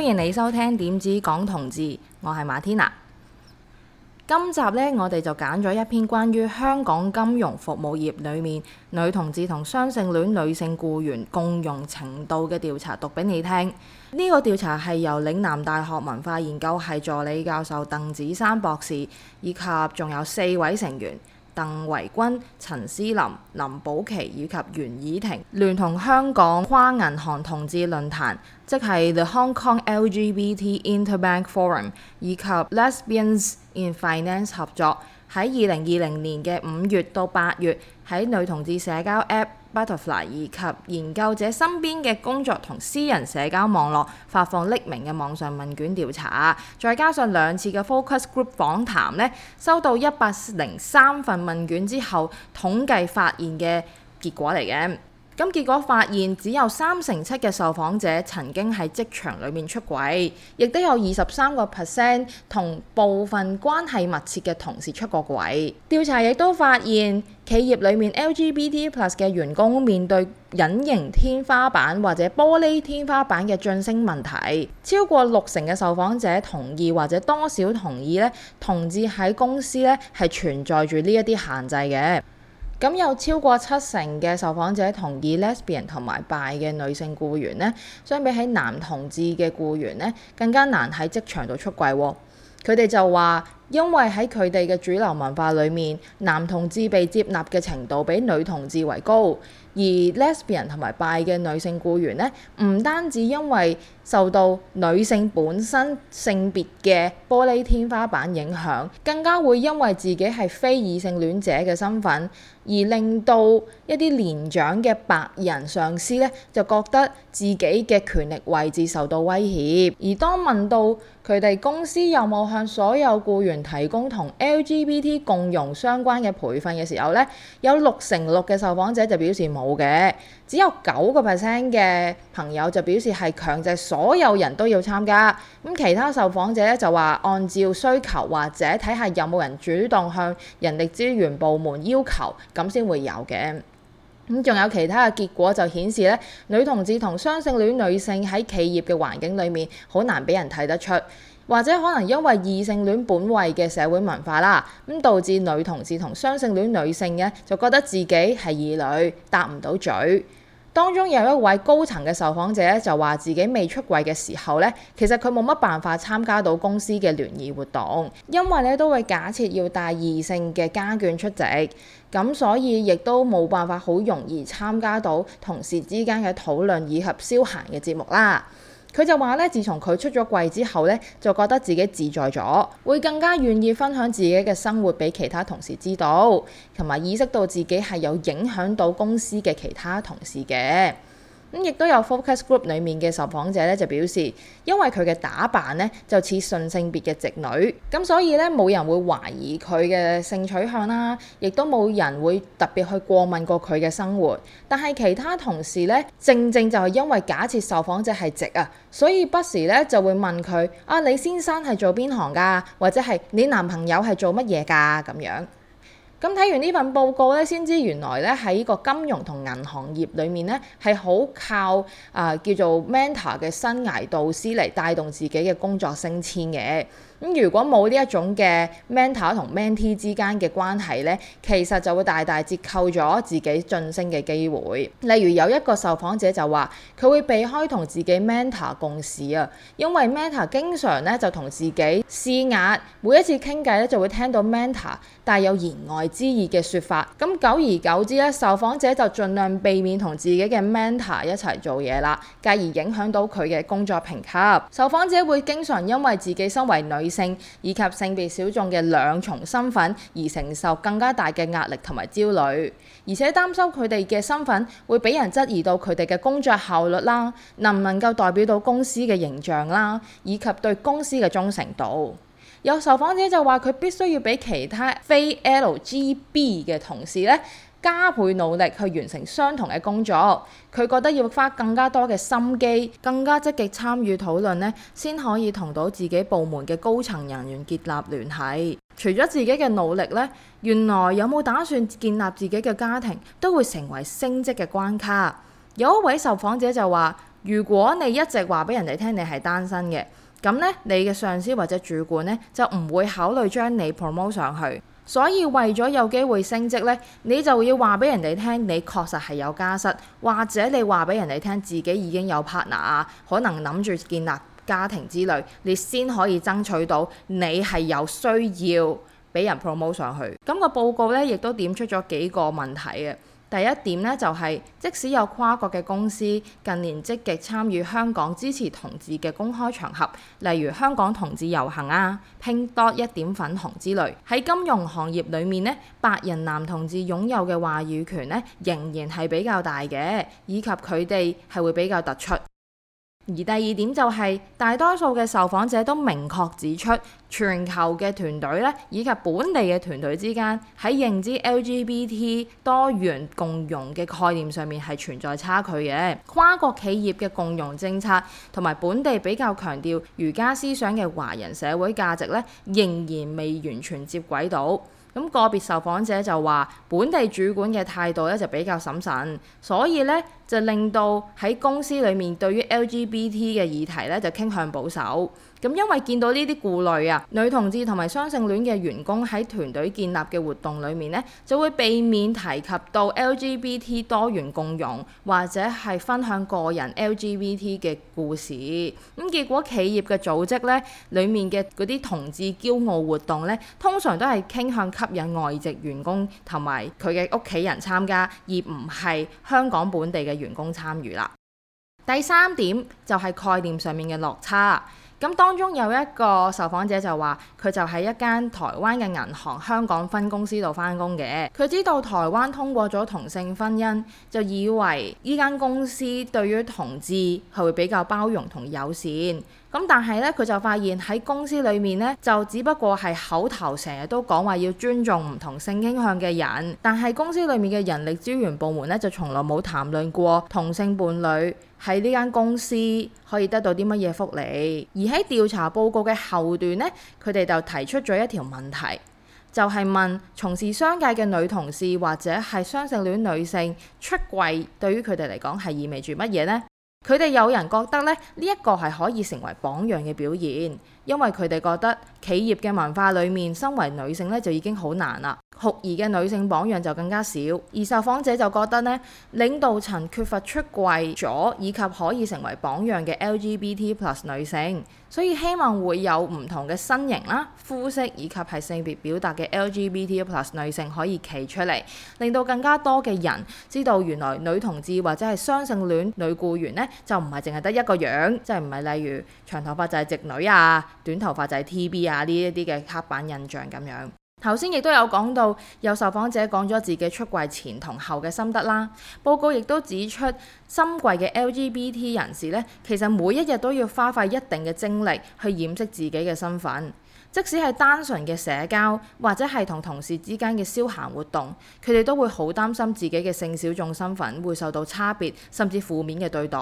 歡迎你收聽點子講同志，我係馬天娜。今集呢，我哋就揀咗一篇關於香港金融服務業裏面女同志同雙性戀女性僱員共融程度嘅調查，讀俾你聽。呢、這個調查係由嶺南大學文化研究系助理教授鄧芝珊博士以及仲有四位成員。鄧惟君、陳詩琳、林寶琪以及袁琦婷，聯同香港跨銀行同志論壇，即係 The Hong Kong LGBT Interbank Forum 以及 Lesbians in Finance 合作，喺二零二零年嘅五月到八月，喺女同志社交 App，Butterfly 以及研究者身邊嘅工作同私人社交網絡發放匿名嘅網上問卷調查，再加上兩次嘅 focus group 訪談咧，收到一百零三份問卷之後統計發現嘅結果嚟嘅。咁結果發現，只有三成七嘅受訪者曾經喺職場裏面出櫃，亦都有二十三個 percent 同部分關係密切嘅同事出過櫃。調查亦都發現，企業裏面 LGBT plus 嘅員工面對隱形天花板或者玻璃天花板嘅晉升問題，超過六成嘅受訪者同意或者多少同意咧，同志喺公司咧係存在住呢一啲限制嘅。咁、嗯、有超過七成嘅受訪者同意，lesbian 同埋 bi 嘅女性僱員咧，相比起男同志嘅僱員咧，更加難喺職場度出櫃。佢哋就話。因為喺佢哋嘅主流文化裏面，男同志被接納嘅程度比女同志為高，而 lesbian 同埋 bi 嘅女性僱員咧，唔單止因為受到女性本身性別嘅玻璃天花板影響，更加會因為自己係非異性戀者嘅身份，而令到一啲年長嘅白人上司咧就覺得自己嘅權力位置受到威脅，而當問到佢哋公司有冇向所有僱員。提供同 LGBT 共融相關嘅培訓嘅時候咧，有六成六嘅受訪者就表示冇嘅，只有九個 percent 嘅朋友就表示係強制所有人都要參加。咁其他受訪者咧就話，按照需求或者睇下有冇人主動向人力資源部門要求，咁先會有嘅。咁仲有其他嘅結果就顯示咧，女同志同雙性戀女、女性喺企業嘅環境裡面，好難俾人睇得出。或者可能因為異性戀本位嘅社會文化啦，咁導致女同志同雙性戀女性咧就覺得自己係異女，答唔到嘴。當中有一位高層嘅受訪者就話自己未出櫃嘅時候咧，其實佢冇乜辦法參加到公司嘅聯誼活動，因為咧都會假設要帶異性嘅家眷出席，咁所以亦都冇辦法好容易參加到同事之間嘅討論以及消閒嘅節目啦。佢就話咧，自從佢出咗櫃之後咧，就覺得自己自在咗，會更加願意分享自己嘅生活畀其他同事知道，同埋意識到自己係有影響到公司嘅其他同事嘅。咁亦都有 focus group 裏面嘅受訪者咧，就表示因為佢嘅打扮咧就似順性別嘅直女，咁所以咧冇人會懷疑佢嘅性取向啦，亦都冇人會特別去過問過佢嘅生活。但係其他同事咧，正正就係因為假設受訪者係直啊，所以不時咧就會問佢：啊，李先生係做邊行㗎？或者係你男朋友係做乜嘢㗎？咁樣。咁睇完呢份報告咧，先知原來咧喺個金融同銀行業裏面咧，係好靠叫做 mentor 嘅生涯導師嚟帶動自己嘅工作升遷嘅。咁如果冇呢一種嘅 mentor 同 mentee 之間嘅關係呢，其實就會大大折扣咗自己晉升嘅機會。例如有一個受訪者就話，佢會避開同自己 mentor 共事啊，因為 mentor 經常呢就同自己施壓，每一次傾偈呢，就會聽到 mentor 帶有言外之意嘅説法。咁久而久之咧，受訪者就盡量避免同自己嘅 mentor 一齊做嘢啦，繼而影響到佢嘅工作評級。受訪者會經常因為自己身為女，性以及性別小眾嘅兩重身份而承受更加大嘅壓力同埋焦慮，而且擔心佢哋嘅身份會俾人質疑到佢哋嘅工作效率啦，能唔能夠代表到公司嘅形象啦，以及對公司嘅忠誠度。有受訪者就話：佢必須要俾其他非 LGB 嘅同事咧，加倍努力去完成相同嘅工作，佢覺得要花更加多嘅心機，更加積極參與討論咧，先可以同到自己部門嘅高層人員建立聯繫。除咗自己嘅努力咧，原來有冇打算建立自己嘅家庭都會成為升職嘅關卡。有一位受訪者就話：如果你一直話俾人哋聽你係單身嘅，咁咧你嘅上司或者主管呢，就唔會考慮將你 promote 上去。所以為咗有機會升職咧，你就要話俾人哋聽，你確實係有家室，或者你話俾人哋聽自己已經有 partner 啊，可能諗住建立家庭之類，你先可以爭取到你係有需要俾人 promote 上去。咁個報告咧亦都點出咗幾個問題嘅。第一點呢，就是，就係即使有跨國嘅公司近年積極參與香港支持同志嘅公開場合，例如香港同志遊行啊，拼多一點粉紅之類。喺金融行業裡面呢，白人男同志擁有嘅話語權呢，仍然係比較大嘅，以及佢哋係會比較突出。而第二點就係、是，大多數嘅受訪者都明確指出，全球嘅團隊咧，以及本地嘅團隊之間喺認知 LGBT 多元共融嘅概念上面係存在差距嘅。跨國企業嘅共融政策同埋本地比較強調儒家思想嘅華人社會價值咧，仍然未完全接軌到。咁個別受訪者就話，本地主管嘅態度咧就比較審慎，所以咧。就令到喺公司裏面對於 LGBT 嘅議題咧，就傾向保守。咁因為見到呢啲顧慮啊，女同志同埋雙性戀嘅員工喺團隊建立嘅活動裏面咧，就會避免提及到 LGBT 多元共融或者係分享個人 LGBT 嘅故事。咁結果企業嘅組織咧，裏面嘅嗰啲同志驕傲活動咧，通常都係傾向吸引外籍員工同埋佢嘅屋企人參加，而唔係香港本地嘅。員工參與啦。第三點就係概念上面嘅落差。咁當中有一個受訪者就話，佢就喺一間台灣嘅銀行香港分公司度返工嘅。佢知道台灣通過咗同性婚姻，就以為呢間公司對於同志係會比較包容同友善。咁但係咧，佢就發現喺公司裏面咧，就只不過係口頭成日都講話要尊重唔同性傾向嘅人，但係公司裏面嘅人力資源部門咧，就從來冇談論過同性伴侶喺呢間公司可以得到啲乜嘢福利。而喺調查報告嘅後段呢，佢哋就提出咗一條問題，就係問從事商界嘅女同志或者係雙性戀女性出櫃對於佢哋嚟講係意味住乜嘢呢？佢哋有人覺得咧，呢一個係可以成為榜樣嘅表現，因為佢哋覺得企業嘅文化裏面，身為女性咧就已經好難啦，酷兒嘅女性榜樣就更加少。而受訪者就覺得呢領導層缺乏出櫃咗以及可以成為榜樣嘅 LGBT plus 女性。所以希望會有唔同嘅身形啦、膚色以及係性別表達嘅 LGBTQ+ 女性可以企出嚟，令到更加多嘅人知道原來女同志或者係雙性戀女雇員咧就唔係淨係得一個樣，即係唔係例如長頭髮就係直女啊、短頭髮就係 TB 啊呢一啲嘅刻板印象咁樣。頭先亦都有講到，有受訪者講咗自己出櫃前同後嘅心得啦。報告亦都指出，深櫃嘅 LGBT 人士呢，其實每一日都要花費一定嘅精力去掩飾自己嘅身份，即使係單純嘅社交或者係同同事之間嘅消閒活動，佢哋都會好擔心自己嘅性小眾身份會受到差別甚至負面嘅對待。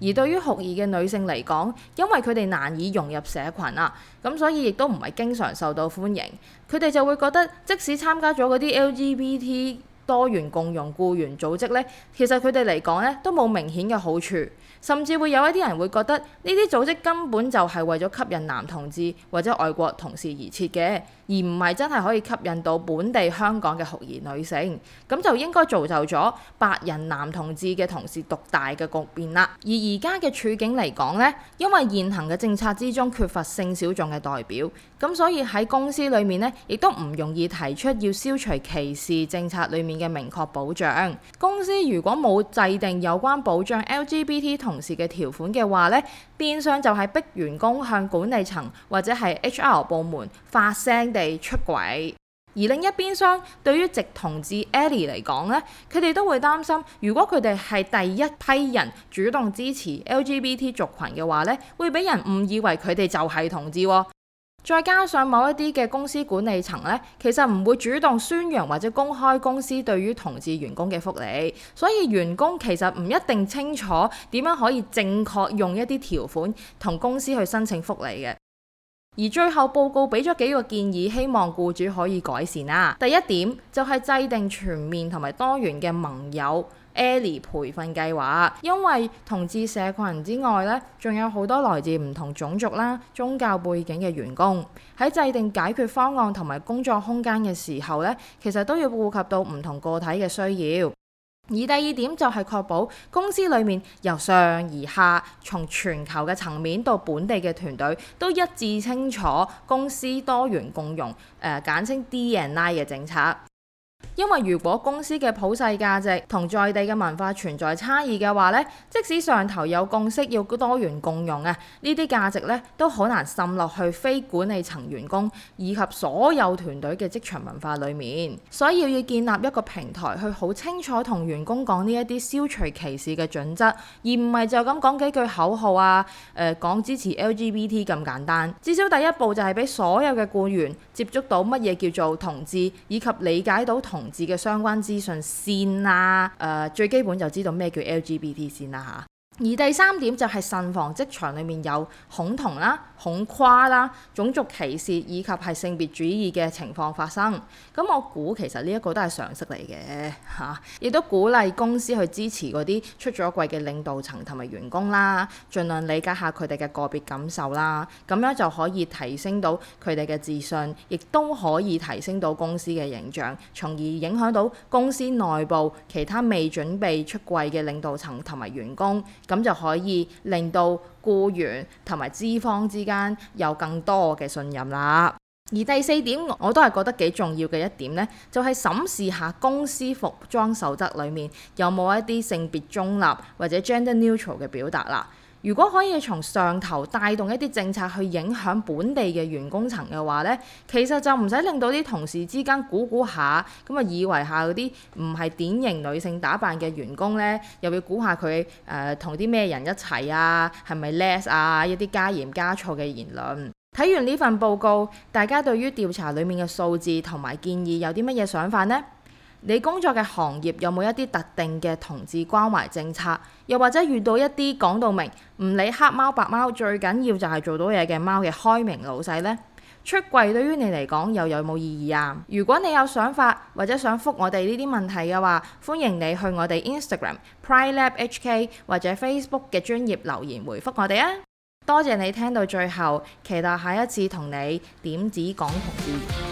而對於酷兒嘅女性嚟講，因為佢哋難以融入社群啊，咁所以亦都唔係經常受到歡迎。佢哋就會覺得，即使參加咗嗰啲 LGBT 多元共融雇員組織咧，其實佢哋嚟講咧都冇明顯嘅好處，甚至會有一啲人會覺得呢啲組織根本就係為咗吸引男同志或者外國同事而設嘅。而唔係真係可以吸引到本地香港嘅酷兒女性，咁就應該造就咗白人男同志嘅同事獨大嘅局面啦。而而家嘅處境嚟講咧，因為現行嘅政策之中缺乏性小眾嘅代表，咁所以喺公司裏面咧，亦都唔容易提出要消除歧視政策裏面嘅明確保障。公司如果冇制定有關保障 LGBT 同事嘅條款嘅話咧，變相就係逼員工向管理層或者係 HR 部門發聲嘅。出軌，而另一邊廂，對於直同志 Ally 嚟講咧，佢哋都會擔心，如果佢哋係第一批人主動支持 LGBT 族群嘅話咧，會俾人誤以為佢哋就係同志喎。再加上某一啲嘅公司管理層咧，其實唔會主動宣揚或者公開公司對於同志員工嘅福利，所以員工其實唔一定清楚點樣可以正確用一啲條款同公司去申請福利嘅。而最後報告俾咗幾個建議，希望僱主可以改善啦。第一點就係、是、制定全面同埋多元嘅盟友 Ally 培訓計劃，因為同志社群之外咧，仲有好多來自唔同種族啦、宗教背景嘅員工喺制定解決方案同埋工作空間嘅時候咧，其實都要顧及到唔同個體嘅需要。而第二點就係確保公司裏面由上而下，從全球嘅層面到本地嘅團隊，都一致清楚公司多元共融誒、呃，簡稱 D and I 嘅政策。因為如果公司嘅普世價值同在地嘅文化存在差異嘅話咧，即使上頭有共識要多元共融，啊，呢啲價值咧都好難滲落去非管理層員工以及所有團隊嘅職場文化裡面。所以要建立一個平台去好清楚同員工講呢一啲消除歧視嘅準則，而唔係就咁講幾句口號啊，誒、呃、講支持 LGBT 咁簡單。至少第一步就係俾所有嘅僱員接觸到乜嘢叫做同志，以及理解到同同志嘅相關資訊先啦，誒、呃、最基本就知道咩叫 LGBT 先啦嚇。而第三點就係慎防職場裡面有恐同啦、恐跨啦、種族歧視以及係性別主義嘅情況發生。咁我估其實呢一個都係常識嚟嘅嚇，亦、啊、都鼓勵公司去支持嗰啲出咗櫃嘅領導層同埋員工啦，盡量理解下佢哋嘅個別感受啦，咁樣就可以提升到佢哋嘅自信，亦都可以提升到公司嘅形象，從而影響到公司內部其他未準備出櫃嘅領導層同埋員工。咁就可以令到僱員同埋資方之間有更多嘅信任啦。而第四點，我都係覺得幾重要嘅一點呢，就係審視下公司服裝守則裏面有冇一啲性別中立或者 gender neutral 嘅表達啦。如果可以從上頭帶動一啲政策去影響本地嘅員工層嘅話呢，其實就唔使令到啲同事之間估估下，咁啊以為下嗰啲唔係典型女性打扮嘅員工呢，又要估下佢誒同啲咩人一齊啊，係咪 les 啊，一啲加鹽加醋嘅言論。睇完呢份報告，大家對於調查裡面嘅數字同埋建議有啲乜嘢想法呢？你工作嘅行業有冇一啲特定嘅同志關懷政策？又或者遇到一啲講到明，唔理黑貓白貓，最緊要就係做到嘢嘅貓嘅開明老細呢？出櫃對於你嚟講又有冇意義啊？如果你有想法或者想覆我哋呢啲問題嘅話，歡迎你去我哋 Instagram Pridelab HK 或者 Facebook 嘅專頁留言回覆我哋啊！多謝你聽到最後，期待下一次同你點止講同志。